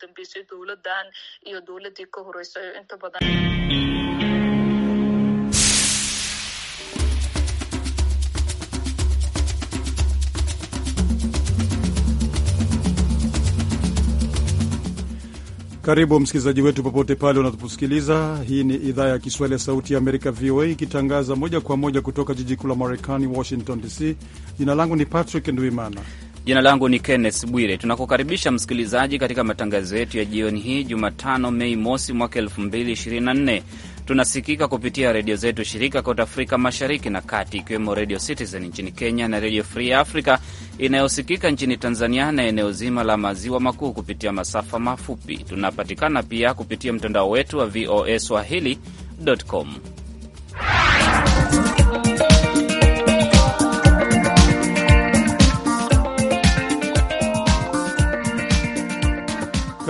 dambeysay dowladan iyo dowladii ka horeysay oo inta badan Karibu msikilizaji wetu popote pale unaposikiliza. Hii ni idhaa ya Kiswahili ya Sauti ya Amerika, VOA, ikitangaza moja kwa moja kutoka jiji kuu la Marekani, Washington DC. Jina langu ni Patrick Ndwimana Jina langu ni Kenneth Bwire. Tunakukaribisha msikilizaji katika matangazo yetu ya jioni hii Jumatano, Mei mosi mwaka 2024. Tunasikika kupitia redio zetu shirika kote Afrika Mashariki na Kati, ikiwemo Redio Citizen nchini Kenya na Redio Free Africa inayosikika nchini Tanzania na eneo zima la maziwa makuu kupitia masafa mafupi. Tunapatikana pia kupitia mtandao wetu wa VOA swahili.com.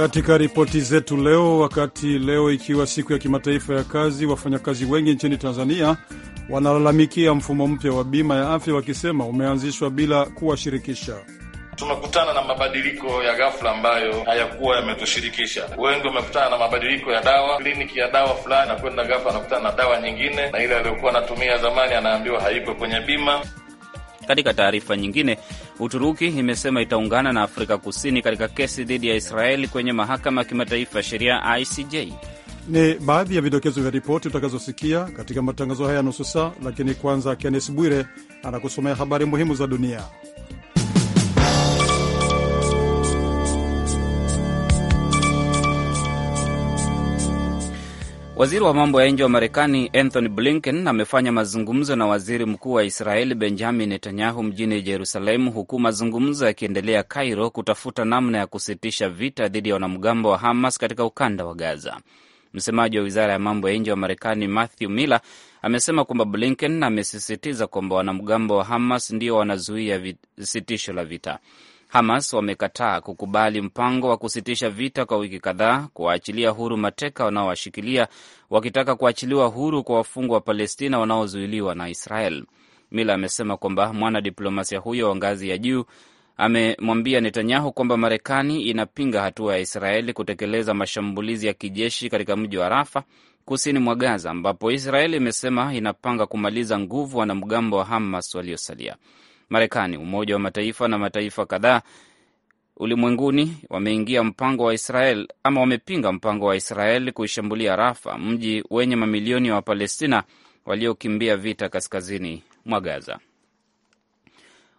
Katika ripoti zetu leo, wakati leo ikiwa siku ya kimataifa ya kazi, wafanyakazi wengi nchini Tanzania wanalalamikia mfumo mpya wa bima ya afya wakisema umeanzishwa bila kuwashirikisha. Tumekutana na mabadiliko ya ghafla ambayo hayakuwa yametushirikisha. Wengi wamekutana na mabadiliko ya dawa, kliniki ya dawa fulani nakwenda ghafla anakutana na dawa nyingine, na ile aliyokuwa anatumia zamani anaambiwa haiko kwenye bima. Katika taarifa nyingine, Uturuki imesema itaungana na Afrika Kusini katika kesi dhidi ya Israeli kwenye mahakama ya kimataifa ya sheria ICJ. Ni baadhi ya vidokezo vya ripoti utakazosikia katika matangazo haya ya nusu saa, lakini kwanza, Kennes Bwire anakusomea habari muhimu za dunia. Waziri wa mambo ya nje wa Marekani Anthony Blinken amefanya mazungumzo na waziri mkuu wa Israeli Benjamin Netanyahu mjini Jerusalemu, huku mazungumzo yakiendelea Kairo kutafuta namna ya kusitisha vita dhidi ya wanamgambo wa Hamas katika ukanda wa Gaza. Msemaji wa wizara ya mambo ya nje wa Marekani Matthew Miller amesema kwamba Blinken amesisitiza kwamba wanamgambo wa Hamas ndio wanazuia sitisho la vita. Hamas wamekataa kukubali mpango wa kusitisha vita kwa wiki kadhaa, kuwaachilia huru mateka wanaowashikilia, wakitaka kuachiliwa huru kwa wafungwa wa Palestina wanaozuiliwa na Israel. Mila amesema kwamba mwanadiplomasia huyo wa ngazi ya juu amemwambia Netanyahu kwamba Marekani inapinga hatua ya Israeli kutekeleza mashambulizi ya kijeshi katika mji wa Rafa kusini mwa Gaza, ambapo Israeli imesema inapanga kumaliza nguvu wanamgambo wa Hamas waliosalia. Marekani, Umoja wa Mataifa na mataifa kadhaa ulimwenguni wameingia mpango wa Israel ama wamepinga mpango wa Israel kuishambulia Rafa, mji wenye mamilioni ya wa Wapalestina waliokimbia vita kaskazini mwa Gaza.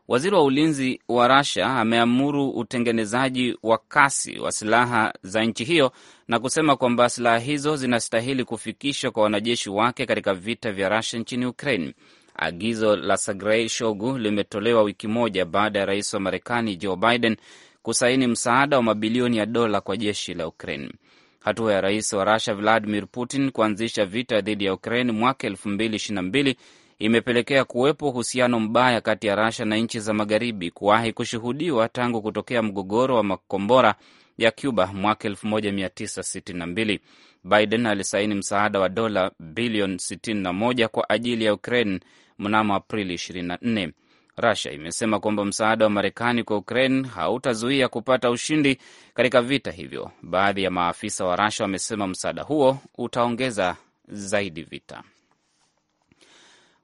Waziri wa ulinzi wa rasia ameamuru utengenezaji wa kasi wa silaha za nchi hiyo na kusema kwamba silaha hizo zinastahili kufikishwa kwa wanajeshi wake katika vita vya Rasia nchini Ukraine. Agizo la Sergei Shoigu limetolewa wiki moja baada ya rais wa Marekani Joe Biden kusaini msaada wa mabilioni ya dola kwa jeshi la Ukraine. Hatua ya rais wa Rusia Vladimir Putin kuanzisha vita dhidi ya Ukraine mwaka 2022 imepelekea kuwepo uhusiano mbaya kati ya Rusia na nchi za magharibi kuwahi kushuhudiwa tangu kutokea mgogoro wa makombora ya Cuba mwaka 1962. Biden alisaini msaada wa dola bilioni 61 kwa ajili ya Ukraine mnamo Aprili 24. Russia imesema kwamba msaada wa Marekani kwa Ukraine hautazuia kupata ushindi katika vita hivyo. Baadhi ya maafisa wa Russia wamesema msaada huo utaongeza zaidi vita.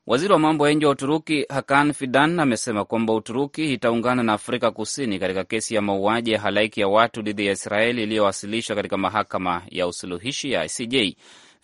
Waziri wa mambo ya nje wa Uturuki Hakan Fidan amesema kwamba Uturuki itaungana na Afrika Kusini katika kesi ya mauaji ya halaiki ya watu dhidi ya Israeli iliyowasilishwa katika mahakama ya usuluhishi ya ICJ.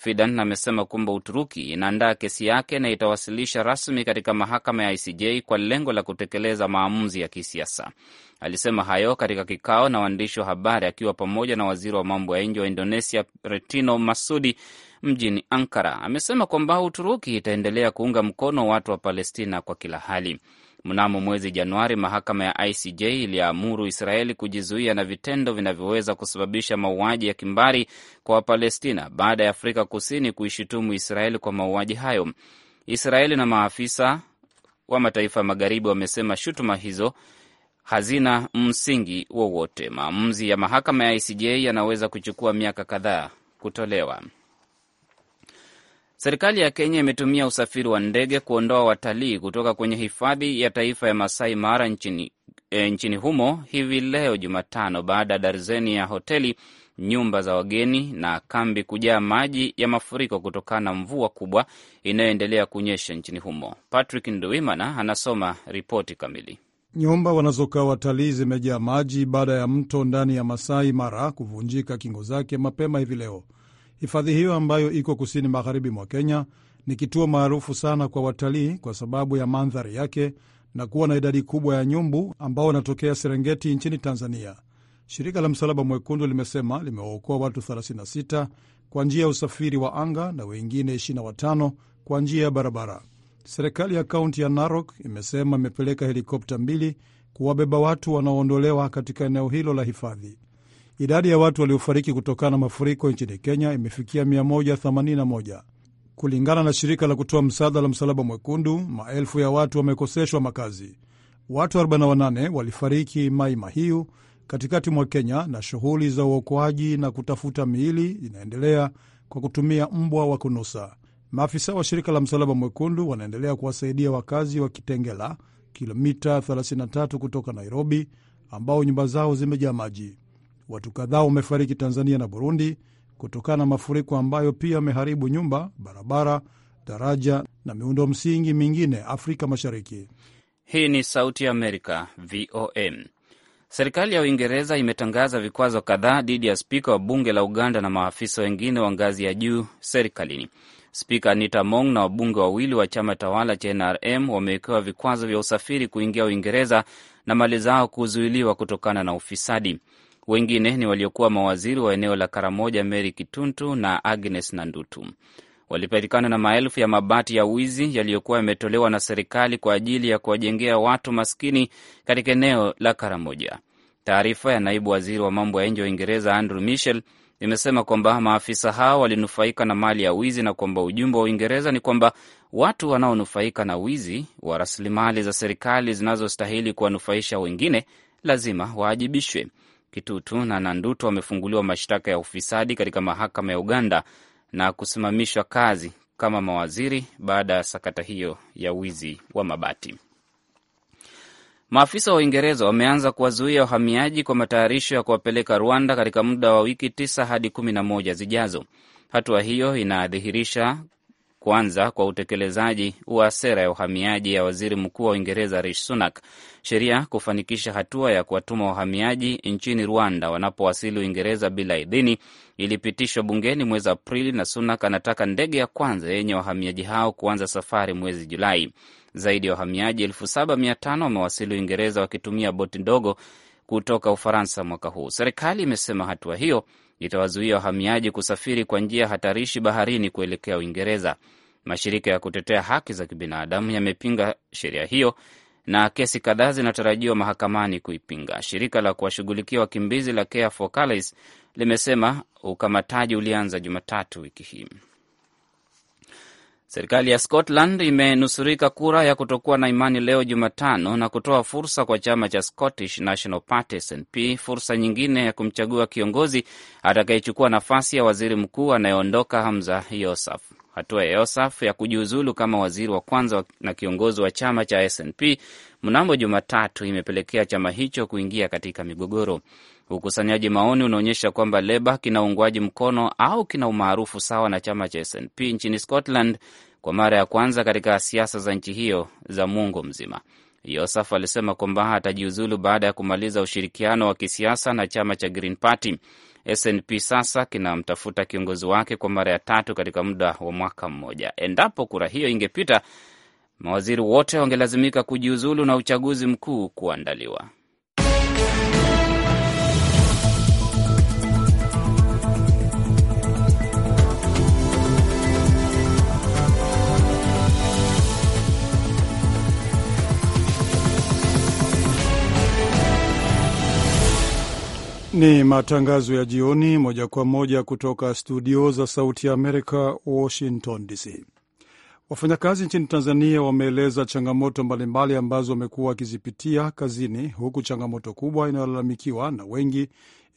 Fidan amesema kwamba Uturuki inaandaa kesi yake na itawasilisha rasmi katika mahakama ya ICJ kwa lengo la kutekeleza maamuzi ya kisiasa. Alisema hayo katika kikao na waandishi wa habari akiwa pamoja na waziri wa mambo ya nje wa Indonesia Retino Masudi mjini Ankara. Amesema kwamba Uturuki itaendelea kuunga mkono watu wa Palestina kwa kila hali. Mnamo mwezi Januari, mahakama ya ICJ iliamuru Israeli kujizuia na vitendo vinavyoweza kusababisha mauaji ya kimbari kwa Wapalestina baada ya Afrika Kusini kuishutumu Israeli kwa mauaji hayo. Israeli na maafisa wa mataifa ya magharibi wamesema shutuma hizo hazina msingi wowote. Maamuzi ya mahakama ya ICJ yanaweza kuchukua miaka kadhaa kutolewa. Serikali ya Kenya imetumia usafiri wa ndege kuondoa watalii kutoka kwenye hifadhi ya taifa ya Masai Mara nchini, e, nchini humo hivi leo Jumatano, baada ya darzeni ya hoteli, nyumba za wageni na kambi kujaa maji ya mafuriko kutokana na mvua kubwa inayoendelea kunyesha nchini humo. Patrick Nduwimana anasoma ripoti kamili. Nyumba wanazokaa watalii zimejaa maji baada ya mto ndani ya Masai Mara kuvunjika kingo zake mapema hivi leo. Hifadhi hiyo ambayo iko kusini magharibi mwa Kenya ni kituo maarufu sana kwa watalii kwa sababu ya mandhari yake na kuwa na idadi kubwa ya nyumbu ambao wanatokea Serengeti nchini Tanzania. Shirika la Msalaba Mwekundu limesema limewaokoa watu 36 kwa njia ya usafiri wa anga na wengine 25 kwa njia ya barabara. Serikali ya kaunti ya Narok imesema imepeleka helikopta mbili kuwabeba watu wanaoondolewa katika eneo hilo la hifadhi. Idadi ya watu waliofariki kutokana na mafuriko nchini Kenya imefikia 181. Kulingana na shirika la kutoa msaada la Msalaba Mwekundu, maelfu ya watu wamekoseshwa makazi. Watu 48 walifariki Mai Mahiu katikati mwa Kenya, na shughuli za uokoaji na kutafuta miili inaendelea kwa kutumia mbwa wa kunusa. Maafisa wa shirika la Msalaba Mwekundu wanaendelea kuwasaidia wakazi wa Kitengela, kilomita 33 kutoka Nairobi, ambao nyumba zao zimejaa maji. Watu kadhaa wamefariki Tanzania na Burundi kutokana na mafuriko ambayo pia yameharibu nyumba, barabara, daraja na miundo msingi mingine Afrika Mashariki. Hii ni Sauti ya Amerika, VOM. Serikali ya Uingereza imetangaza vikwazo kadhaa dhidi ya spika wa bunge la Uganda na maafisa wengine wa ngazi ya juu serikalini. Spika Anita Mong na wabunge wawili wa chama tawala cha NRM wamewekewa vikwazo vya usafiri kuingia Uingereza na mali zao kuzuiliwa kutokana na ufisadi. Wengine ni waliokuwa mawaziri wa eneo la Karamoja, Mary Kituntu na Agnes Nandutu. Walipatikana na maelfu ya mabati ya wizi yaliyokuwa yametolewa na serikali kwa ajili ya kuwajengea watu maskini katika eneo la Karamoja. Taarifa ya naibu waziri wa mambo ya nje wa Uingereza Andrew Mitchell imesema kwamba maafisa hao walinufaika na mali ya wizi na kwamba ujumbe wa Uingereza ni kwamba watu wanaonufaika na wizi wa rasilimali za serikali zinazostahili kuwanufaisha wengine lazima waajibishwe. Kitutu na Nanduto wamefunguliwa mashtaka ya ufisadi katika mahakama ya Uganda na kusimamishwa kazi kama mawaziri baada ya sakata hiyo ya wizi wa mabati. Maafisa wa Uingereza wameanza kuwazuia wahamiaji kwa matayarisho ya kuwapeleka Rwanda katika muda wa wiki tisa hadi kumi na moja zijazo. Hatua hiyo inadhihirisha kuanza kwa utekelezaji wa sera ya uhamiaji ya waziri mkuu wa Uingereza Rishi Sunak, sheria kufanikisha hatua ya kuwatuma wahamiaji nchini Rwanda wanapowasili Uingereza bila idhini ilipitishwa bungeni mwezi Aprili, na Sunak anataka ndege ya kwanza yenye wahamiaji hao kuanza safari mwezi Julai. Zaidi ya wahamiaji elfu saba mia tano wamewasili Uingereza wakitumia boti ndogo kutoka Ufaransa mwaka huu. Serikali imesema hatua hiyo itawazuia wahamiaji kusafiri kwa njia hatarishi baharini kuelekea Uingereza. Mashirika ya kutetea haki za kibinadamu yamepinga sheria hiyo na kesi kadhaa zinatarajiwa mahakamani kuipinga. Shirika la kuwashughulikia wakimbizi la Care for Calais limesema ukamataji ulianza Jumatatu wiki hii. Serikali ya Scotland imenusurika kura ya kutokuwa na imani leo Jumatano na kutoa fursa kwa chama cha Scottish National Party SNP fursa nyingine ya kumchagua kiongozi atakayechukua nafasi ya waziri mkuu anayeondoka Hamza Yosaf. Hatua ya Yosaf ya kujiuzulu kama waziri wa kwanza na kiongozi wa chama cha SNP mnamo Jumatatu imepelekea chama hicho kuingia katika migogoro. Ukusanyaji maoni unaonyesha kwamba Leba kina uungwaji mkono au kina umaarufu sawa na chama cha SNP nchini Scotland kwa mara ya kwanza katika siasa za nchi hiyo za muongo mzima. Yosaf alisema kwamba atajiuzulu baada ya kumaliza ushirikiano wa kisiasa na chama cha Green Party. SNP sasa kinamtafuta kiongozi wake kwa mara ya tatu katika muda wa mwaka mmoja. Endapo kura hiyo ingepita, mawaziri wote wangelazimika kujiuzulu na uchaguzi mkuu kuandaliwa. Ni matangazo ya jioni moja kwa moja kutoka studio za Sauti ya Amerika, Washington DC. Wafanyakazi nchini Tanzania wameeleza changamoto mbalimbali ambazo wamekuwa wakizipitia kazini, huku changamoto kubwa inayolalamikiwa na wengi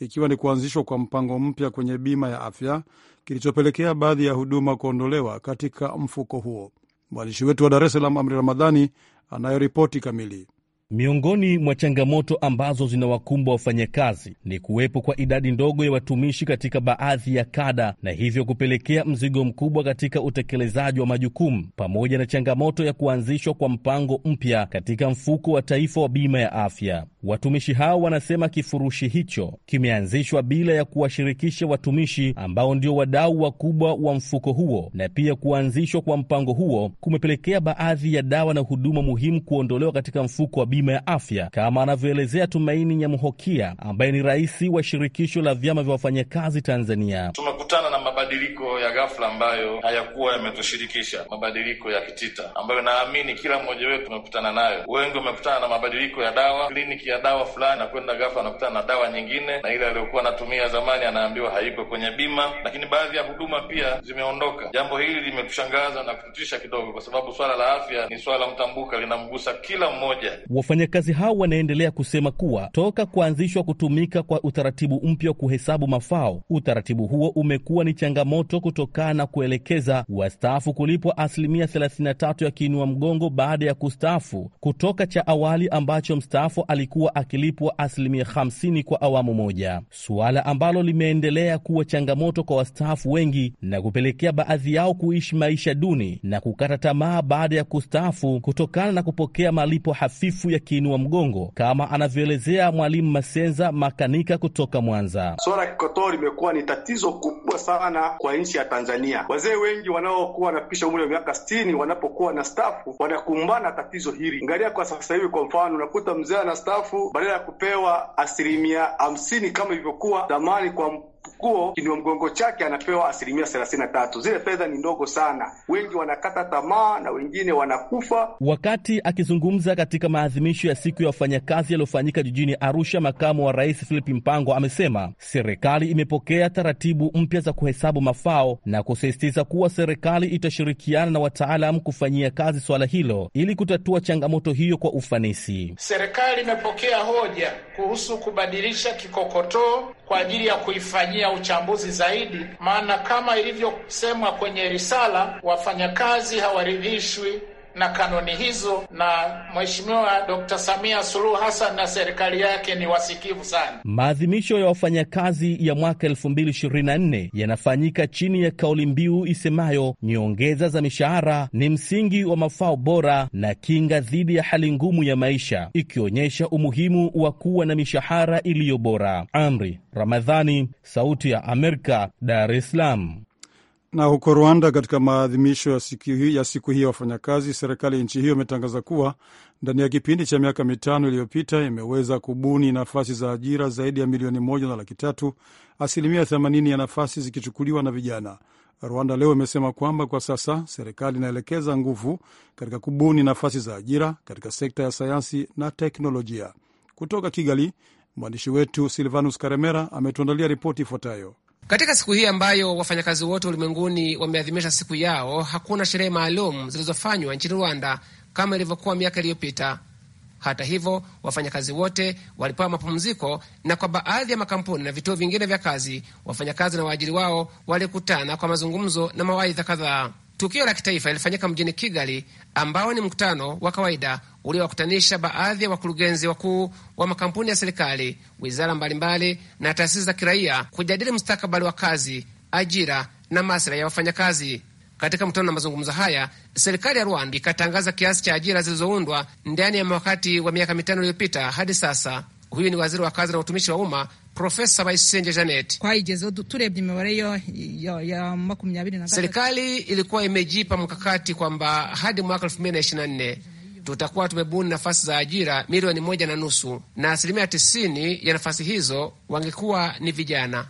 ikiwa ni kuanzishwa kwa mpango mpya kwenye bima ya afya kilichopelekea baadhi ya huduma kuondolewa katika mfuko huo. Mwandishi wetu wa Dar es Salaam, Amri Ramadhani, anayoripoti kamili. Miongoni mwa changamoto ambazo zinawakumbwa wafanyakazi ni kuwepo kwa idadi ndogo ya watumishi katika baadhi ya kada na hivyo kupelekea mzigo mkubwa katika utekelezaji wa majukumu pamoja na changamoto ya kuanzishwa kwa mpango mpya katika mfuko wa taifa wa bima ya afya. Watumishi hao wanasema kifurushi hicho kimeanzishwa bila ya kuwashirikisha watumishi ambao ndio wadau wakubwa wa mfuko huo, na pia kuanzishwa kwa mpango huo kumepelekea baadhi ya dawa na huduma muhimu kuondolewa katika mfuko wa bima bima ya afya, kama anavyoelezea Tumaini Nyamhokia ambaye ni rais wa shirikisho la vyama vya wafanyakazi Tanzania. Tumekutana mabadiliko ya ghafla ambayo hayakuwa yametushirikisha, mabadiliko ya kitita ambayo naamini kila mmoja wetu amekutana nayo. Wengi wamekutana na mabadiliko ya dawa, kliniki ya dawa fulani na kwenda ghafla anakutana na dawa nyingine, na ile aliyokuwa anatumia zamani anaambiwa haiko kwenye bima, lakini baadhi ya huduma pia zimeondoka. Jambo hili limetushangaza na kututisha kidogo, kwa sababu swala la afya ni swala mtambuka, linamgusa kila mmoja. Wafanyakazi hao wanaendelea kusema kuwa toka kuanzishwa kutumika kwa utaratibu mpya wa kuhesabu mafao, utaratibu huo umekuwa ni changamoto changamoto kutokana na kuelekeza wastaafu kulipwa asilimia 33 ya kiinua mgongo baada ya kustaafu kutoka cha awali ambacho mstaafu alikuwa akilipwa asilimia 50 kwa awamu moja, suala ambalo limeendelea kuwa changamoto kwa wastaafu wengi na kupelekea baadhi yao kuishi maisha duni na kukata tamaa baada ya kustaafu kutokana na kupokea malipo hafifu ya kiinua mgongo, kama anavyoelezea Mwalimu Masenza, makanika kutoka Mwanza. Swala kikotoo limekuwa ni tatizo kubwa sana kwa nchi ya Tanzania. Wazee wengi wanaokuwa wanafikisha umri wa miaka sitini wanapokuwa na stafu wanakumbana tatizo hili. Angalia kwa sasa hivi, kwa mfano, unakuta mzee ana stafu badala ya kupewa asilimia hamsini kama ilivyokuwa zamani kwa kuo kiinua mgongo chake anapewa asilimia thelathini na tatu. Zile fedha ni ndogo sana, wengi wanakata tamaa na wengine wanakufa. Wakati akizungumza katika maadhimisho ya siku ya wafanyakazi yaliyofanyika jijini Arusha, makamu wa rais Philip Mpango amesema serikali imepokea taratibu mpya za kuhesabu mafao na kusisitiza kuwa serikali itashirikiana na wataalam kufanyia kazi swala hilo ili kutatua changamoto hiyo kwa ufanisi. Serikali imepokea hoja kuhusu kubadilisha kikokotoo kwa ajili ya kuifanyia kufanyia uchambuzi zaidi, maana kama ilivyosemwa kwenye risala, wafanyakazi hawaridhishwi na kanuni hizo, na Mheshimiwa Dkt. Samia Suluhu Hassan na serikali yake ni wasikivu sana. Maadhimisho ya wafanyakazi ya mwaka 2024 yanafanyika chini ya kauli mbiu isemayo nyongeza za mishahara ni msingi wa mafao bora na kinga dhidi ya hali ngumu ya maisha, ikionyesha umuhimu wa kuwa na mishahara iliyo bora. Amri Ramadhani, Sauti ya Amerika, Dar es Salaam. Na huko Rwanda, katika maadhimisho ya siku hii ya siku hii ya wafanyakazi, serikali ya nchi hiyo imetangaza kuwa ndani ya kipindi cha miaka mitano iliyopita imeweza kubuni nafasi za ajira zaidi ya milioni moja na laki tatu, asilimia themanini ya nafasi zikichukuliwa na vijana. Rwanda leo imesema kwamba kwa sasa serikali inaelekeza nguvu katika kubuni nafasi za ajira katika sekta ya sayansi na teknolojia. Kutoka Kigali, mwandishi wetu Silvanus Karemera ametuandalia ripoti ifuatayo. Katika siku hii ambayo wafanyakazi wote ulimwenguni wameadhimisha siku yao, hakuna sherehe maalum zilizofanywa nchini Rwanda kama ilivyokuwa miaka iliyopita. Hata hivyo, wafanyakazi wote walipewa mapumziko, na kwa baadhi ya makampuni na vituo vingine vya kazi, wafanyakazi na waajiri wao walikutana kwa mazungumzo na mawaidha kadhaa. Tukio la kitaifa lilifanyika mjini Kigali, ambao ni mkutano wa kawaida uliowakutanisha baadhi ya wakurugenzi wakuu wa makampuni ya serikali, wizara mbalimbali na taasisi za kiraia kujadili mustakabali wa kazi, ajira na maslahi ya wafanyakazi. Katika mkutano na mazungumzo haya, serikali ya Rwanda ikatangaza kiasi cha ajira zilizoundwa ndani ya wakati wa miaka mitano iliyopita hadi sasa. Huyu ni waziri wa kazi na utumishi wa umma Profesa Maisenje Janet. Serikali ilikuwa imejipa mkakati kwamba hadi mwaka nne tutakuwa tumebuni nafasi za ajira milioni moja na nusu na asilimia tisini ya nafasi hizo wangekuwa ni vijana.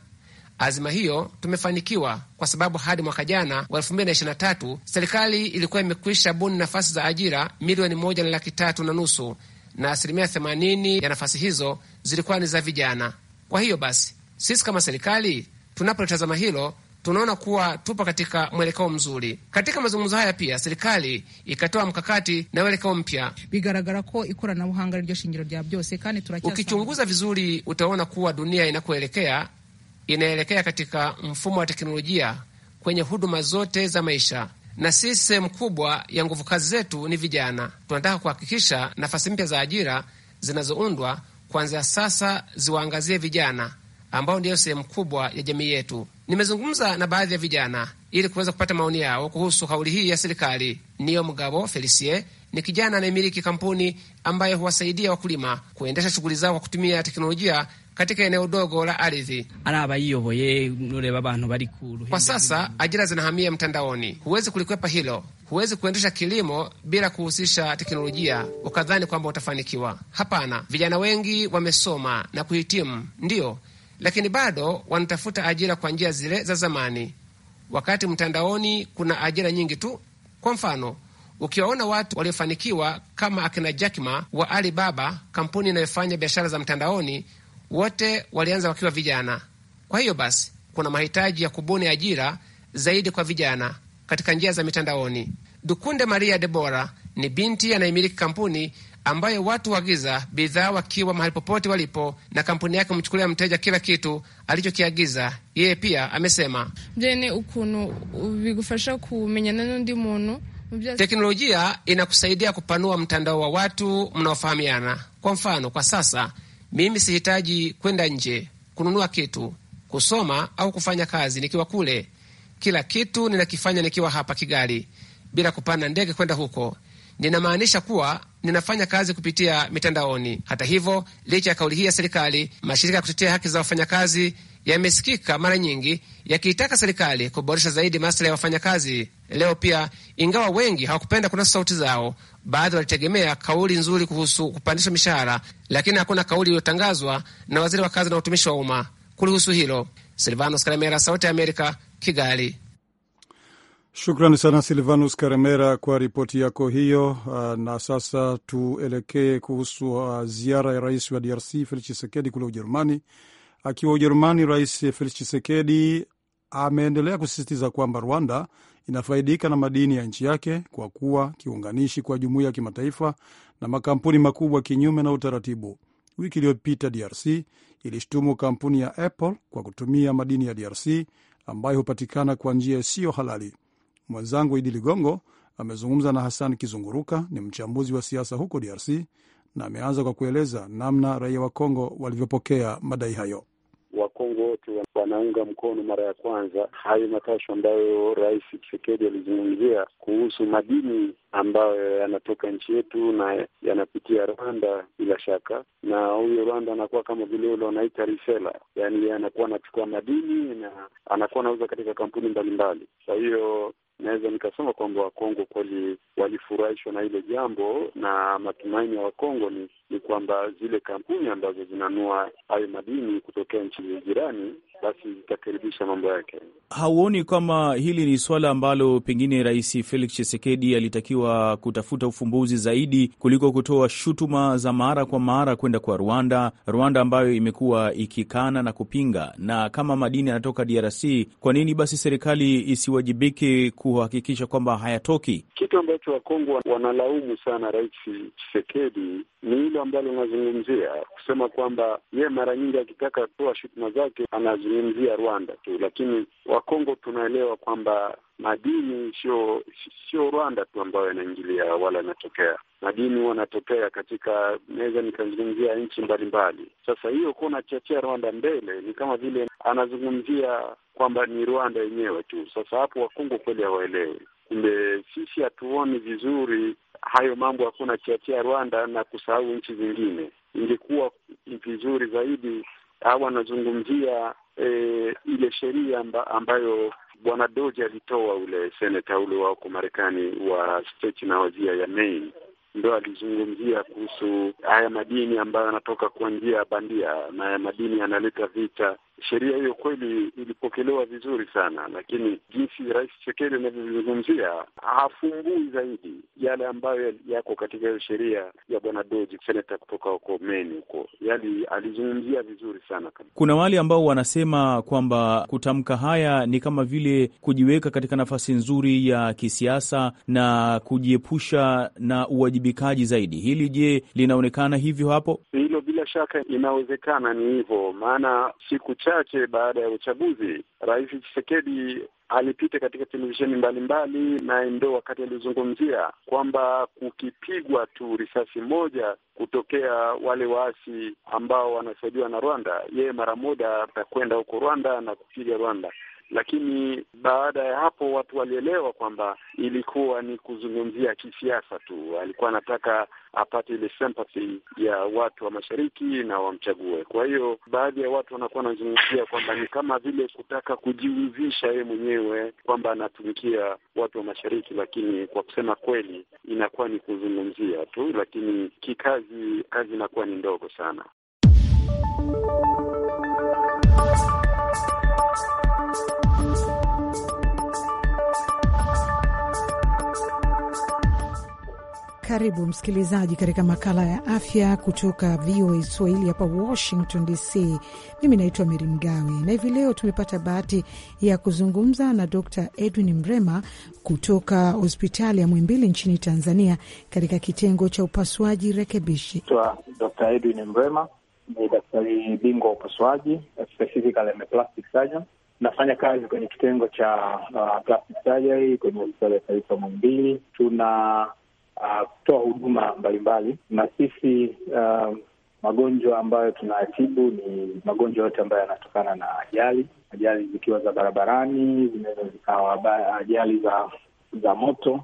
Azima hiyo tumefanikiwa kwa sababu hadi mwaka jana wa elfu mbili na ishirini na tatu serikali ilikuwa imekwisha buni nafasi za ajira milioni moja na laki tatu na nusu na asilimia 80 ya nafasi hizo zilikuwa ni za vijana. Kwa hiyo basi, sisi kama serikali tunapotazama hilo tunaona kuwa tupo katika mwelekeo mzuri. Katika mazungumzo haya pia serikali ikatoa mkakati na mwelekeo mpya. Ukichunguza vizuri, utaona kuwa dunia inakoelekea inaelekea katika mfumo wa teknolojia kwenye huduma zote za maisha, na sisi sehemu kubwa ya nguvu kazi zetu ni vijana. Tunataka kuhakikisha nafasi mpya za ajira zinazoundwa kuanzia sasa ziwaangazie vijana ambao ndiyo sehemu kubwa ya jamii yetu. Nimezungumza na baadhi ya vijana ili kuweza kupata maoni yao kuhusu kauli hii ya serikali. Niyo Mgabo Felisie ni kijana anayemiliki kampuni ambayo huwasaidia wakulima kuendesha shughuli zao kwa kutumia teknolojia katika eneo dogo la ardhi. Kwa sasa ajira zinahamia mtandaoni, huwezi kulikwepa hilo. Huwezi kuendesha kilimo bila kuhusisha teknolojia ukadhani kwamba utafanikiwa. Hapana, vijana wengi wamesoma na kuhitimu, ndiyo, lakini bado wanatafuta ajira kwa njia zile za zamani, wakati mtandaoni kuna ajira nyingi tu. Kwa mfano ukiwaona watu waliofanikiwa kama akina Jack Ma wa Alibaba, kampuni inayofanya biashara za mtandaoni wote walianza wakiwa vijana. Kwa hiyo basi, kuna mahitaji ya kubuni ajira zaidi kwa vijana katika njia za mitandaoni. Dukunde Maria Debora ni binti anayemiliki kampuni ambayo watu huagiza bidhaa wakiwa mahali popote walipo, na kampuni yake humchukulia mteja kila kitu alichokiagiza. Yeye pia amesema teknolojia inakusaidia kupanua mtandao wa watu mnaofahamiana. Kwa mfano, kwa sasa mimi sihitaji kwenda nje kununua kitu, kusoma au kufanya kazi nikiwa kule. Kila kitu ninakifanya nikiwa hapa Kigali bila kupanda ndege kwenda huko. Ninamaanisha kuwa ninafanya kazi kupitia mitandaoni. Hata hivyo, licha ya kauli hii ya serikali, mashirika ya kutetea haki za wafanyakazi yamesikika mara nyingi yakiitaka serikali kuboresha zaidi maslahi ya wafanyakazi leo pia. Ingawa wengi hawakupenda kunasa sauti zao, baadhi walitegemea kauli nzuri kuhusu kupandisha mishahara, lakini hakuna kauli iliyotangazwa na waziri wa kazi na utumishi wa umma kulihusu hilo. Silvanos Karemera, Sauti ya Amerika, Kigali. Shukrani sana Silvanus Karemera kwa ripoti yako hiyo. Uh, na sasa tuelekee kuhusu uh, ziara ya rais wa DRC Felix chisekedi kule Ujerumani Akiwa Ujerumani, Rais Felix Tshisekedi ameendelea kusisitiza kwamba Rwanda inafaidika na madini ya nchi yake kwa kuwa kiunganishi kwa jumuiya ya kimataifa na makampuni makubwa kinyume na utaratibu. Wiki iliyopita DRC ilishutumu kampuni ya Apple kwa kutumia madini ya DRC ambayo hupatikana kwa njia isiyo halali. Mwenzangu Idi Ligongo amezungumza na Hassan Kizunguruka, ni mchambuzi wa siasa huko DRC, na ameanza kwa kueleza namna raia wa Kongo walivyopokea madai hayo. Wakongo wote wanaunga mkono mara ya kwanza hayo matasho ambayo Rais Tshisekedi alizungumzia kuhusu madini ambayo yanatoka nchi yetu na yanapitia Rwanda bila shaka, na huyo Rwanda anakuwa kama vile ule wanaita risela, yaani yeye anakuwa anachukua madini na anakuwa anauza katika kampuni mbalimbali. Kwa hiyo naweza nikasema kwamba Wakongo kweli walifurahishwa na hilo jambo, na matumaini ya Wakongo ni, ni kwamba zile kampuni ambazo zinanua hayo madini kutokea nchi jirani basi itakaribisha mambo yake. Hauoni kama hili ni swala ambalo pengine Rais Felix Tshisekedi alitakiwa kutafuta ufumbuzi zaidi kuliko kutoa shutuma za mara kwa mara kwenda kwa Rwanda, Rwanda ambayo imekuwa ikikana na kupinga. Na kama madini yanatoka DRC, kwa nini basi serikali isiwajibike kuhakikisha kwamba hayatoki? Kitu ambacho Wakongo wanalaumu sana Rais Tshisekedi ni hilo ambalo unazungumzia kusema kwamba yeye mara nyingi akitaka kutoa shutuma zake anazungumzia kuzungumzia Rwanda tu, lakini Wakongo tunaelewa kwamba madini sio sio Rwanda tu ambayo yanaingilia wala yanatokea madini wanatokea katika, naweza nikazungumzia nchi mbalimbali. Sasa hiyo kuwa unachochea Rwanda mbele ni kama vile anazungumzia kwamba ni Rwanda yenyewe tu. Sasa hapo Wakongo kweli hawaelewi. Kumbe sisi hatuoni vizuri hayo mambo ya kuwa Rwanda na kusahau nchi zingine. Ingekuwa vizuri zaidi au anazungumzia e, ile sheria amba, ambayo bwana Doji alitoa, ule seneta ule wa huko Marekani wa state na wazia ya Maine ndo alizungumzia kuhusu haya madini ambayo yanatoka kwa njia ya bandia na haya madini yanaleta vita sheria hiyo kweli ilipokelewa vizuri sana, lakini jinsi Rais Chekeli anavyozungumzia hafumbui zaidi yale ambayo yako katika hiyo sheria ya bwana Doji, seneta kutoka huko Maine huko, yani alizungumzia vizuri sana. Kuna wale ambao wanasema kwamba kutamka haya ni kama vile kujiweka katika nafasi nzuri ya kisiasa na kujiepusha na uwajibikaji zaidi. Hili je, linaonekana hivyo hapo? Hilo bila shaka inawezekana ni hivyo, maana siku chache baada ya uchaguzi, Rais chisekedi alipita katika televisheni mbalimbali, naye ndo wakati alizungumzia kwamba kukipigwa tu risasi moja kutokea wale waasi ambao wanasaidiwa na Rwanda, yeye mara moja atakwenda huko Rwanda na kupiga Rwanda lakini baada ya hapo watu walielewa kwamba ilikuwa ni kuzungumzia kisiasa tu. Alikuwa anataka apate ile sympathy ya watu wa mashariki na wamchague. Kwa hiyo baadhi ya watu wanakuwa wanazungumzia kwamba ni kama vile kutaka kujiuzisha yeye mwenyewe kwamba anatumikia watu wa mashariki, lakini kwa kusema kweli inakuwa ni kuzungumzia tu, lakini kikazi kazi inakuwa ni ndogo sana. Karibu msikilizaji katika makala ya afya kutoka VOA Swahili hapa Washington DC. Mimi naitwa Meri Mgawe na hivi leo tumepata bahati ya kuzungumza na Dr Edwin Mrema kutoka hospitali ya Mwimbili nchini Tanzania, katika kitengo cha upasuaji rekebishi. Dr Edwin Mrema ni daktari bingwa wa upasuaji, specifically plastic surgeon. Nafanya kazi kwenye kitengo cha uh, plastic surgery kwenye hospitali ya taifa Mwimbili. tuna Uh, kutoa huduma mbalimbali, na sisi uh, magonjwa ambayo tunayatibu ni magonjwa yote ambayo yanatokana na ajali, ajali zikiwa za barabarani, zinaweza zikawa ajali za za moto,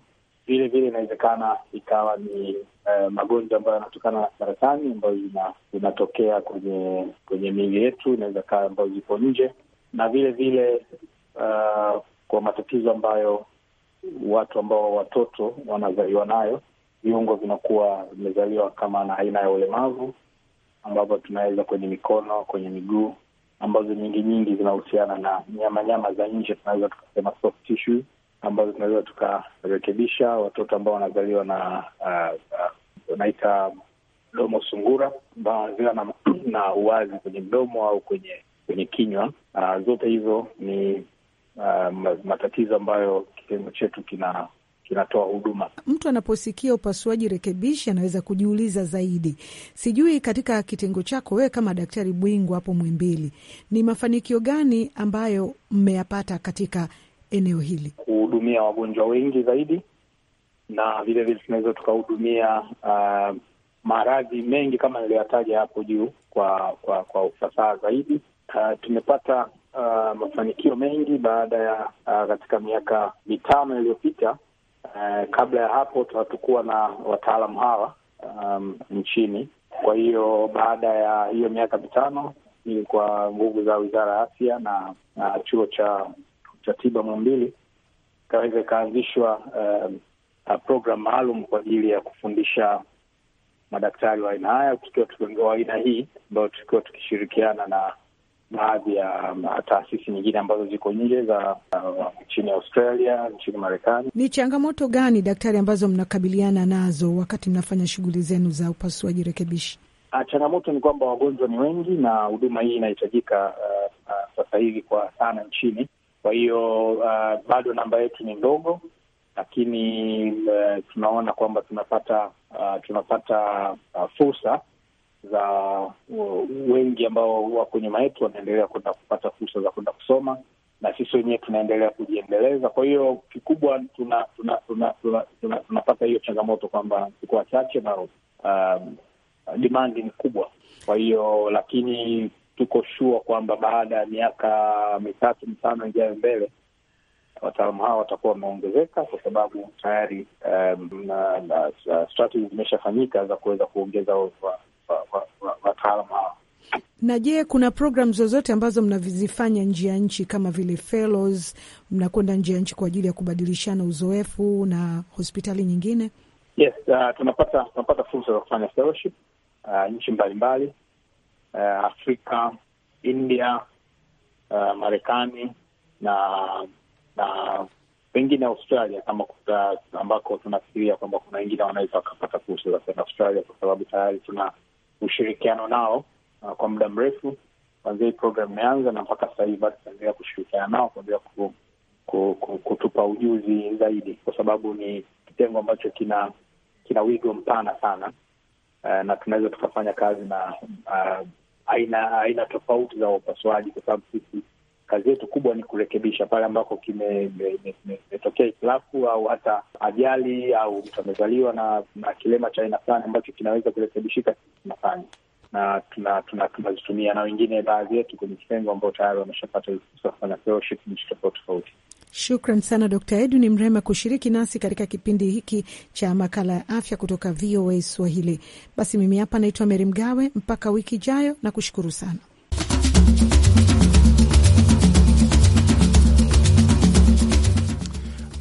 vile vile inawezekana ikawa ni uh, magonjwa ambayo yanatokana na saratani ambayo zinatokea kwenye kwenye miili yetu, inaweza kaa ambayo zipo nje, na vile vile uh, kwa matatizo ambayo watu ambao watoto wanazaliwa nayo, viungo vinakuwa vimezaliwa kama na aina ya ulemavu, ambavyo tunaweza kwenye mikono, kwenye miguu, ambazo nyingi nyingi zinahusiana na nyama nyama za nje, tunaweza tukasema soft tissue, ambazo tunaweza tukarekebisha watoto ambao wanazaliwa na wanaita uh, uh, mdomo sungura ambao wanazaliwa na, na uwazi kwenye mdomo au kwenye kwenye kinywa. Uh, zote hizo ni uh, matatizo ambayo kitengo chetu kina kinatoa huduma. Mtu anaposikia upasuaji rekebishi anaweza kujiuliza zaidi. Sijui katika kitengo chako wewe kama Daktari Bwingwa hapo Mwimbili, ni mafanikio gani ambayo mmeyapata katika eneo hili? Kuhudumia wagonjwa wengi zaidi, na vilevile tunaweza tukahudumia uh, maradhi mengi kama niliyoyataja hapo juu kwa kwa kwa ufasaha zaidi. Uh, tumepata uh, mafanikio mengi baada ya uh, katika miaka mitano iliyopita. Uh, kabla ya hapo hatukuwa na wataalamu hawa um, nchini. Kwa hiyo baada ya hiyo miaka mitano ni kwa nguvu za Wizara ya Afya na, na chuo cha cha tiba Muhimbili ikaweza ikaanzishwa uh, program maalum kwa ajili ya kufundisha madaktari wa aina haya tukiwa wa aina hii ambayo tukiwa tukishirikiana na baadhi ya um, taasisi nyingine ambazo ziko nje za uh, nchini uh, Australia, nchini Marekani. Ni changamoto gani daktari, ambazo mnakabiliana nazo wakati mnafanya shughuli zenu za upasuaji rekebishi? Uh, changamoto ni kwamba wagonjwa ni wengi na huduma hii inahitajika uh, uh, sasa hivi kwa sana nchini. Kwa hiyo uh, bado namba yetu ni ndogo, lakini uh, tunaona kwamba tunapata uh, tunapata uh, fursa za wengi ambao wako nyuma yetu wanaendelea kwenda kupata fursa za kwenda kusoma na sisi wenyewe tunaendelea kujiendeleza. Kwa hiyo kikubwa tunapata tuna, tuna, tuna, tuna, tuna hiyo changamoto kwamba tuko wachache na um, dimandi ni kubwa. Kwa hiyo lakini tuko shua kwamba baada ya miaka mitatu mitano ijayo mbele wataalamu hawa watakuwa wameongezeka kwa sababu tayari um, na, na, strategy zimeshafanyika za kuweza kuongeza wa hawa. Na je, kuna programu zozote ambazo mnazifanya nje ya nchi kama vile fellows, mnakwenda nje ya nchi kwa ajili ya kubadilishana uzoefu na hospitali nyingine? Yes, uh, tunapata tunapata fursa za kufanya fellowship uh, nchi mbalimbali uh, Afrika, India, uh, Marekani na na pengine Australia kama kuta, ambako tunafikiria kwamba kuna wengine wanaweza wakapata fursa za kwenda Australia kwa sababu tayari tuna ushirikiano nao uh, kwa muda mrefu kwanzia hii program imeanza na mpaka sasa hivi bado tunaendelea kushirikiana nao kuendelea ku, ku, ku, kutupa ujuzi zaidi, kwa sababu ni kitengo ambacho kina kina wigo mpana sana uh, na tunaweza tukafanya kazi na uh, aina aina tofauti za upasuaji, kwa sababu sisi kazi yetu kubwa ni kurekebisha pale ambako kimetokea hitilafu au hata ajali au mtu amezaliwa na, na kilema cha aina fulani ambacho kinaweza kurekebishika, tunafanya na tunazitumia tuna, tuna na wengine baadhi yetu kwenye kitengo ambao tayari wameshapata fursa kufanya fellowship nchi tofauti tofauti. Shukran sana Dkt. Edwin Mrema kushiriki nasi katika kipindi hiki cha makala ya afya kutoka VOA Swahili. Basi mimi hapa naitwa Meri Mgawe, mpaka wiki ijayo, na kushukuru sana.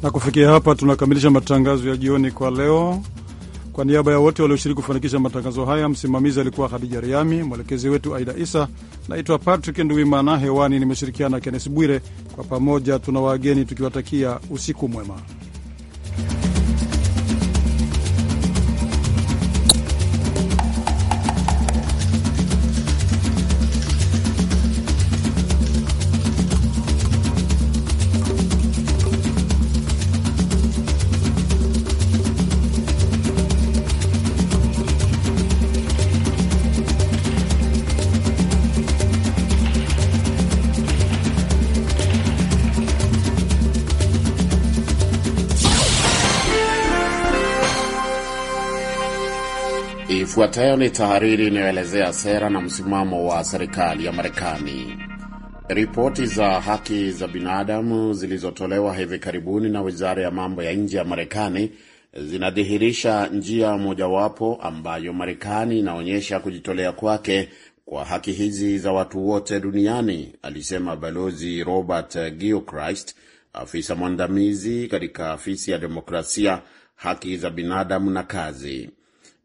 Na kufikia hapa tunakamilisha matangazo ya jioni kwa leo. Kwa niaba ya wote walioshiriki kufanikisha matangazo haya, msimamizi alikuwa Khadija Riami, mwelekezi wetu Aida Isa. Naitwa Patrick nduimana hewani nimeshirikiana na Kennes Bwire. Kwa pamoja tuna wageni tukiwatakia usiku mwema. Ifuatayo ni tahariri inayoelezea sera na msimamo wa serikali ya Marekani. Ripoti za haki za binadamu zilizotolewa hivi karibuni na wizara ya mambo ya nje ya Marekani zinadhihirisha njia mojawapo ambayo Marekani inaonyesha kujitolea kwake kwa haki hizi za watu wote duniani, alisema Balozi Robert Gilchrist, afisa mwandamizi katika afisi ya demokrasia, haki za binadamu na kazi.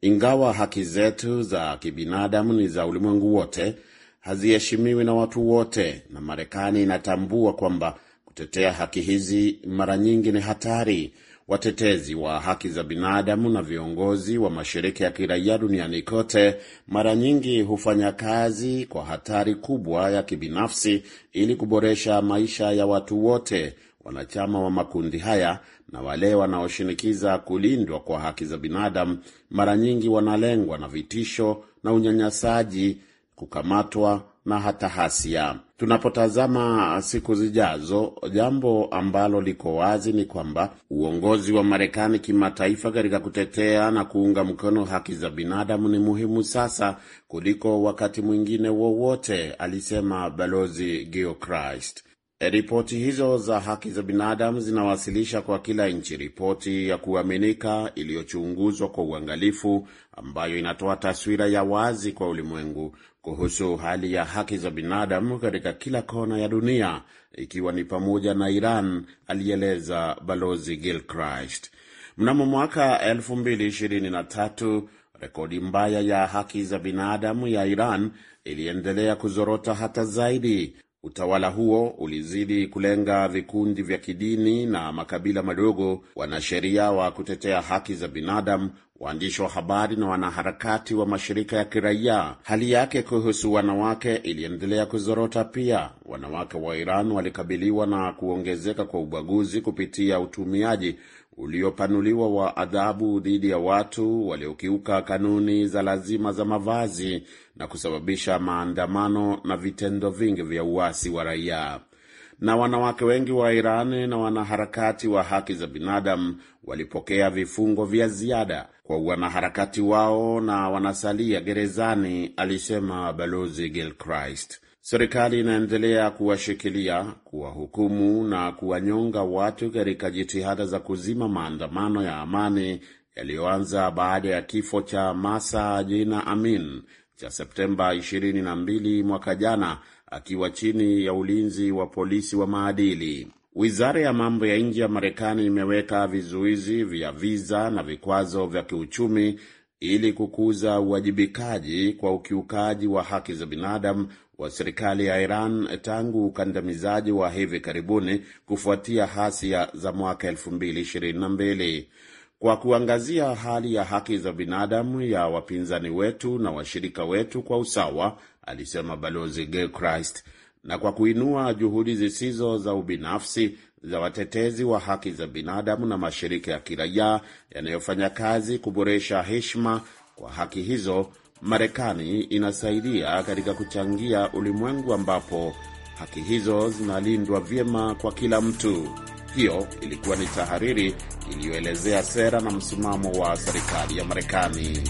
Ingawa haki zetu za kibinadamu ni za ulimwengu wote, haziheshimiwi na watu wote, na Marekani inatambua kwamba kutetea haki hizi mara nyingi ni hatari. Watetezi wa haki za binadamu na viongozi wa mashirika ya kiraia duniani kote mara nyingi hufanya kazi kwa hatari kubwa ya kibinafsi ili kuboresha maisha ya watu wote wanachama wa makundi haya na wale wanaoshinikiza kulindwa kwa haki za binadamu mara nyingi wanalengwa na vitisho na unyanyasaji, kukamatwa na hata hasia. Tunapotazama siku zijazo, jambo ambalo liko wazi ni kwamba uongozi wa Marekani kimataifa katika kutetea na kuunga mkono haki za binadamu ni muhimu sasa kuliko wakati mwingine wowote, alisema Balozi Gilchrist. Ripoti hizo za haki za binadamu zinawasilisha kwa kila nchi ripoti ya kuaminika iliyochunguzwa kwa uangalifu, ambayo inatoa taswira ya wazi kwa ulimwengu kuhusu hali ya haki za binadamu katika kila kona ya dunia, ikiwa ni pamoja na Iran, alieleza Balozi Gilchrist. Mnamo mwaka 2023 rekodi mbaya ya haki za binadamu ya Iran iliendelea kuzorota hata zaidi Utawala huo ulizidi kulenga vikundi vya kidini na makabila madogo, wanasheria wa kutetea haki za binadamu, waandishi wa habari na wanaharakati wa mashirika ya kiraia. Hali yake kuhusu wanawake iliendelea kuzorota pia. Wanawake wa Iran walikabiliwa na kuongezeka kwa ubaguzi kupitia utumiaji uliopanuliwa wa adhabu dhidi ya watu waliokiuka kanuni za lazima za mavazi na kusababisha maandamano na vitendo vingi vya uasi wa raia. Na wanawake wengi wa Irani na wanaharakati wa haki za binadamu walipokea vifungo vya ziada kwa wanaharakati wao na wanasalia gerezani, alisema Balozi Gilchrist. Serikali inaendelea kuwashikilia, kuwahukumu na kuwanyonga watu katika jitihada za kuzima maandamano ya amani yaliyoanza baada ya kifo cha Masa Jina Amin cha Septemba 22 mwaka jana, akiwa chini ya ulinzi wa polisi wa maadili. Wizara ya mambo ya nje ya Marekani imeweka vizuizi vya viza na vikwazo vya kiuchumi ili kukuza uwajibikaji kwa ukiukaji wa haki za binadamu wa serikali ya Iran tangu ukandamizaji wa hivi karibuni kufuatia hasia za mwaka 2022. Kwa kuangazia hali ya haki za binadamu ya wapinzani wetu na washirika wetu kwa usawa, alisema Balozi Gilchrist, na kwa kuinua juhudi zisizo za ubinafsi za watetezi wa haki za binadamu na mashirika ya kiraia yanayofanya kazi kuboresha heshima kwa haki hizo Marekani inasaidia katika kuchangia ulimwengu ambapo haki hizo zinalindwa vyema kwa kila mtu. Hiyo ilikuwa ni tahariri iliyoelezea sera na msimamo wa serikali ya Marekani.